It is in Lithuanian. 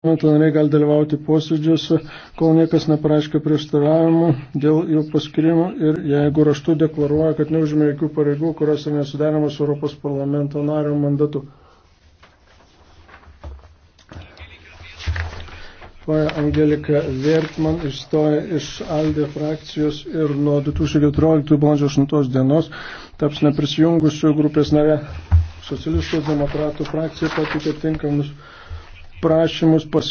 Parlamento nariai gali dalyvauti posėdžiuose, kol niekas nepareiškia prieštaravimų dėl jų paskirimo ir jeigu raštu deklaruoja, kad neužima jokių pareigų, kurios yra nesuderinamos Europos parlamento nario mandatu. Poja Angelika Vertman išstoja iš Aldė frakcijos ir nuo 2014 balandžio 8 dienos taps neprisijungusių grupės nare. Socialistų demokratų frakcija patikė tinkamus prašymus pas